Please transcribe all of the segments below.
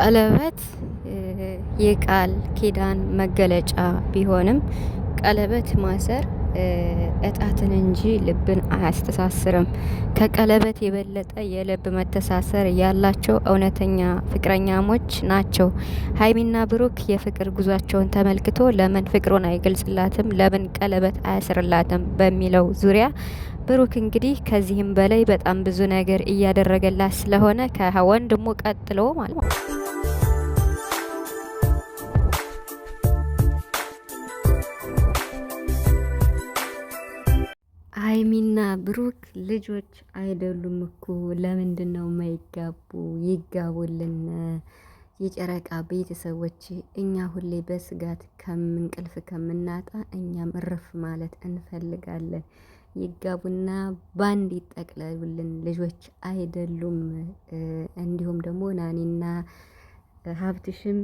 ቀለበት የቃል ኪዳን መገለጫ ቢሆንም ቀለበት ማሰር እጣትን እንጂ ልብን አያስተሳስርም። ከቀለበት የበለጠ የልብ መተሳሰር ያላቸው እውነተኛ ፍቅረኛሞች ናቸው። ሀይሚና ብሩክ የፍቅር ጉዟቸውን ተመልክቶ ለምን ፍቅሩን አይገልጽላትም፣ ለምን ቀለበት አያስርላትም በሚለው ዙሪያ ብሩክ እንግዲህ ከዚህም በላይ በጣም ብዙ ነገር እያደረገላት ስለሆነ ከወንድሙ ቀጥሎ ማለት ነው ሀይሚና ብሩክ ልጆች አይደሉም እኮ ለምንድን ነው የማይጋቡ? ይጋቡልን። የጨረቃ ቤተሰቦች እኛ ሁሌ በስጋት ከምንቅልፍ ከምናጣ እኛም እርፍ ማለት እንፈልጋለን። ይጋቡና ባንድ ይጠቅለሉልን። ልጆች አይደሉም። እንዲሁም ደግሞ ናኒና ሀብትሽም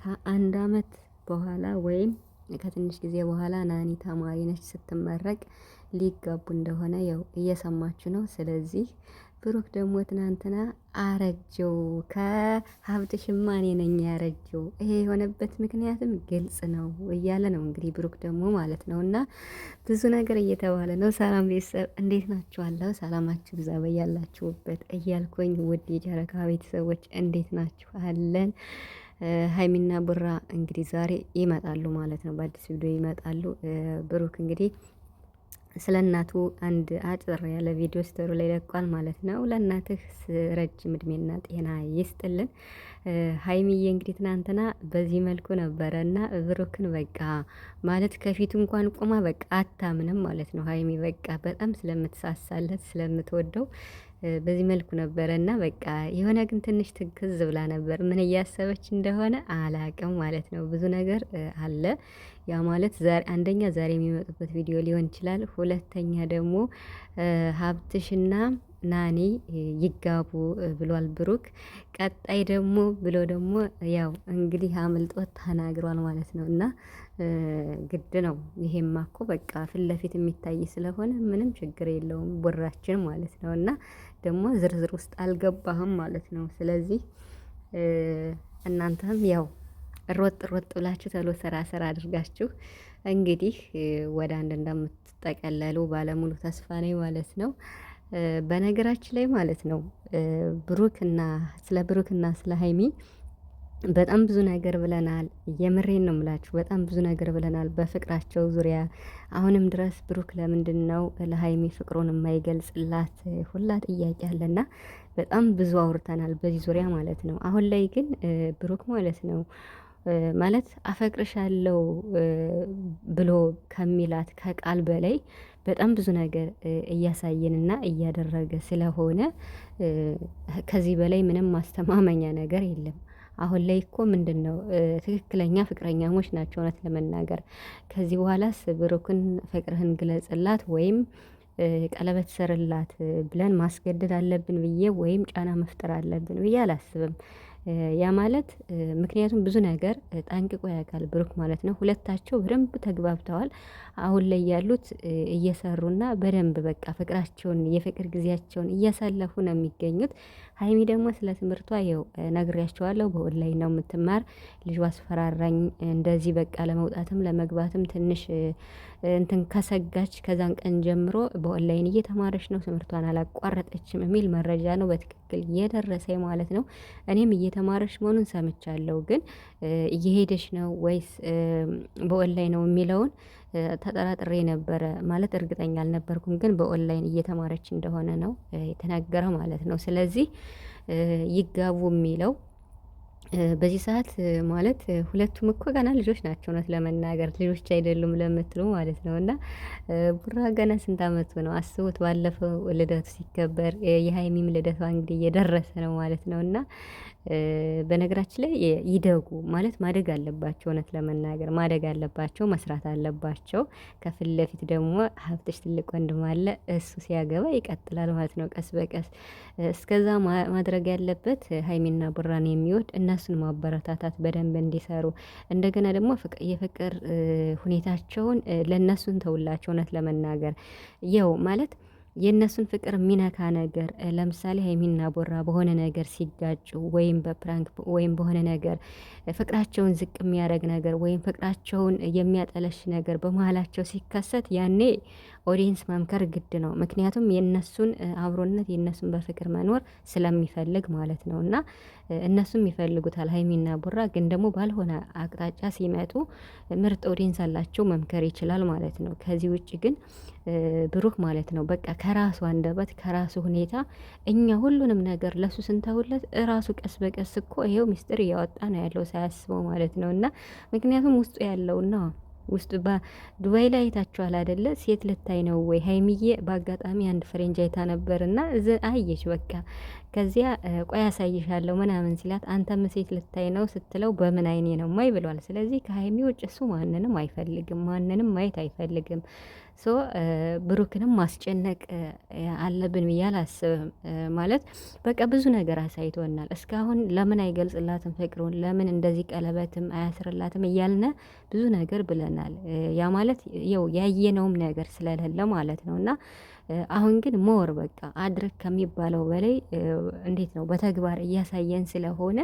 ከአንድ አመት በኋላ ወይም ከትንሽ ጊዜ በኋላ ናኒ ተማሪ ነች ስትመረቅ ሊጋቡ እንደሆነ ያው እየሰማችሁ ነው። ስለዚህ ብሩክ ደግሞ ትናንትና አረጀው። ከሀብት ሽማኔ ነኝ ያረጀው። ይሄ የሆነበት ምክንያትም ግልጽ ነው እያለ ነው እንግዲህ ብሩክ ደግሞ ማለት ነው። እና ብዙ ነገር እየተባለ ነው። ሰላም ቤተሰብ እንዴት ናችኋለሁ? ሰላማችሁ ብዛ በያላችሁበት እያልኩኝ ውድ የጨረካ ቤተሰቦች እንዴት ናችኋለን? አለን ሀይሚና ቡራ እንግዲህ ዛሬ ይመጣሉ ማለት ነው። በአዲስ ቪዲዮ ይመጣሉ። ብሩክ እንግዲህ ስለ እናቱ አንድ አጭር ያለ ቪዲዮ ስተሩ ላይ ለቋል ማለት ነው። ለእናትህ ረጅም እድሜና ጤና ይስጥልን። ሀይሚዬ እንግዲህ ትናንትና በዚህ መልኩ ነበረ እና ብሩክን በቃ ማለት ከፊቱ እንኳን ቁማ በቃ አታምንም ማለት ነው። ሀይሚ በቃ በጣም ስለምትሳሳለት ስለምትወደው በዚህ መልኩ ነበረ እና በቃ የሆነ ግን ትንሽ ትክዝ ብላ ነበር። ምን እያሰበች እንደሆነ አላቅም ማለት ነው። ብዙ ነገር አለ። ያ ማለት አንደኛ ዛሬ የሚመጡበት ቪዲዮ ሊሆን ይችላል። ሁለተኛ ደግሞ ሀብትሽና ናኒ ይጋቡ ብሏል ብሩክ። ቀጣይ ደግሞ ብሎ ደግሞ ያው እንግዲህ አምልጦት ተናግሯል ማለት ነው እና ግድ ነው። ይሄማ እኮ በቃ ፊት ለፊት የሚታይ ስለሆነ ምንም ችግር የለውም ብራችን ማለት ነው። እና ደግሞ ዝርዝር ውስጥ አልገባህም ማለት ነው። ስለዚህ እናንተም ያው ሮጥ ሮጥ ብላችሁ ተሎ ስራ ስራ አድርጋችሁ እንግዲህ ወደ አንድ እንደምትጠቀለሉ ባለሙሉ ተስፋ ነኝ ማለት ነው። በነገራችን ላይ ማለት ነው ብሩክና ስለ ብሩክ እና ስለ ሀይሚ በጣም ብዙ ነገር ብለናል። የምሬን ነው ምላችሁ። በጣም ብዙ ነገር ብለናል በፍቅራቸው ዙሪያ። አሁንም ድረስ ብሩክ ለምንድን ነው ለሀይሚ ፍቅሩን የማይገልጽላት ሁላ ጥያቄ አለና በጣም ብዙ አውርተናል በዚህ ዙሪያ ማለት ነው። አሁን ላይ ግን ብሩክ ማለት ነው ማለት አፈቅርሻለው ብሎ ከሚላት ከቃል በላይ በጣም ብዙ ነገር እያሳየንና እያደረገ ስለሆነ ከዚህ በላይ ምንም ማስተማመኛ ነገር የለም። አሁን ላይ እኮ ምንድን ነው ትክክለኛ ፍቅረኛሞች ናቸው። እውነት ለመናገር ከዚህ በኋላስ ብሩክን ፍቅርህን ግለጽላት ወይም ቀለበት ስርላት ብለን ማስገደድ አለብን ብዬ ወይም ጫና መፍጠር አለብን ብዬ አላስብም። ያ ማለት ምክንያቱም ብዙ ነገር ጠንቅቆ ያውቃል ብሩክ ማለት ነው። ሁለታቸው በደንብ ተግባብተዋል። አሁን ላይ ያሉት እየሰሩና በደንብ በቃ ፍቅራቸውን የፍቅር ጊዜያቸውን እያሳለፉ ነው የሚገኙት። ሀይሚ ደግሞ ስለ ትምህርቷ ይኸው ነግሬያቸዋለሁ። በኦንላይን ነው የምትማር። ልጇ አስፈራራኝ እንደዚህ በቃ ለመውጣትም ለመግባትም ትንሽ እንትን ከሰጋች። ከዛን ቀን ጀምሮ በኦንላይን እየተማረች ነው፣ ትምህርቷን አላቋረጠችም የሚል መረጃ ነው በትክክል እየደረሰ ማለት ነው። እኔም እየተማረች መሆኑን ሰምቻለሁ። ግን እየሄደች ነው ወይስ በኦንላይን ነው የሚለውን ተጠራጥሬ ነበረ ማለት እርግጠኛ አልነበርኩም። ግን በኦንላይን እየተማረች እንደሆነ ነው የተናገረው ማለት ነው። ስለዚህ ይጋቡ የሚለው በዚህ ሰዓት ማለት ሁለቱም እኮ ገና ልጆች ናቸው። እውነት ለመናገር ልጆች አይደሉም ለምትሉ ማለት ነው። እና ቡራ ገና ስንት አመቱ ነው አስቡት። ባለፈው ልደቱ ሲከበር የሀይሚም ልደቷ እንግዲህ እየደረሰ ነው ማለት ነው እና በነገራችን ላይ ይደጉ ማለት ማደግ አለባቸው። እውነት ለመናገር ማደግ አለባቸው፣ መስራት አለባቸው። ከፊት ለፊት ደግሞ ሀብትሽ ትልቅ ወንድም አለ። እሱ ሲያገባ ይቀጥላል ማለት ነው፣ ቀስ በቀስ እስከዛ ማድረግ ያለበት ሀይሚና ቡራን የሚወድ እነሱን ማበረታታት በደንብ እንዲሰሩ፣ እንደገና ደግሞ የፍቅር ሁኔታቸውን ለእነሱን ተውላቸው። እውነት ለመናገር የው ማለት የእነሱን ፍቅር የሚነካ ነገር ለምሳሌ ሀይሚና ቦራ በሆነ ነገር ሲጋጩ ወይም በፕራንክ ወይም በሆነ ነገር ፍቅራቸውን ዝቅ የሚያደርግ ነገር ወይም ፍቅራቸውን የሚያጠለሽ ነገር በመሀላቸው ሲከሰት ያኔ ኦዲየንስ መምከር ግድ ነው። ምክንያቱም የነሱን አብሮነት የነሱን በፍቅር መኖር ስለሚፈልግ ማለት ነው። እና እነሱም ይፈልጉታል ሀይሚና ቡራ። ግን ደግሞ ባልሆነ አቅጣጫ ሲመጡ ምርጥ ኦዲየንስ አላቸው መምከር ይችላል ማለት ነው። ከዚህ ውጭ ግን ብሩክ ማለት ነው በቃ ከራሱ አንደበት ከራሱ ሁኔታ እኛ ሁሉንም ነገር ለሱ ስንተውለት እራሱ ቀስ በቀስ እኮ ይሄው ሚስጥር እያወጣ ነው ያለው ሳያስበው ማለት ነው እና ምክንያቱም ውስጡ ያለውና ውስጥ ዱባይ ላይ አይታችኋል አደለ? ሴት ልታይ ነው ወይ ሀይሚዬ? በአጋጣሚ አንድ ፍሬንጅ አይታ ነበር እና አየች። በቃ ከዚያ ቆይ ያሳይሻለሁ ምናምን ሲላት አንተም ሴት ልታይ ነው ስትለው በምን አይኔ ነው ማይ ብሏል። ስለዚህ ከሀይሚ ውጭ እሱ ማንንም አይፈልግም፣ ማንንም ማየት አይፈልግም። ሶ ብሩክንም ማስጨነቅ አለብን ብዬ አላስብም። ማለት በቃ ብዙ ነገር አሳይቶናል እስካሁን። ለምን አይገልጽላትም ፍቅሩን? ለምን እንደዚህ ቀለበትም አያስርላትም እያልነ ብዙ ነገር ብለናል። ያ ማለት ው ያየነውም ነገር ስለሌለ ማለት ነው እና አሁን ግን ሞር በቃ አድርግ ከሚባለው በላይ እንዴት ነው በተግባር እያሳየን ስለሆነ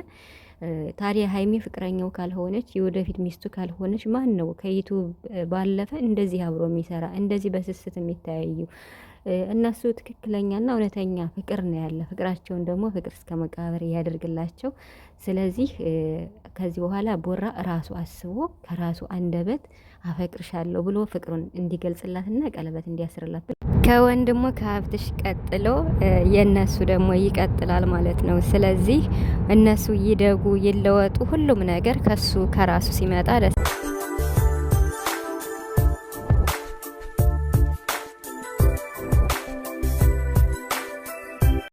ታዲያ ሀይሚ ፍቅረኛው ካልሆነች የወደፊት ሚስቱ ካልሆነች ማን ነው ከዩቱብ ባለፈ እንደዚህ አብሮ የሚሰራ እንደዚህ በስስት የሚታያዩ? እነሱ ትክክለኛና እውነተኛ ፍቅር ነው ያለ። ፍቅራቸውን ደግሞ ፍቅር እስከ መቃብር እያደርግላቸው። ስለዚህ ከዚህ በኋላ ቦራ ራሱ አስቦ ከራሱ አንደበት አፈቅርሻለሁ ብሎ ፍቅሩን እንዲገልጽላትና ቀለበት እንዲያስርላት ከወንድሙ ከሀብትሽ ቀጥሎ የእነሱ ደግሞ ይቀጥላል ማለት ነው። ስለዚህ እነሱ ይደጉ፣ ይለወጡ ሁሉም ነገር ከሱ ከራሱ ሲመጣ ደስ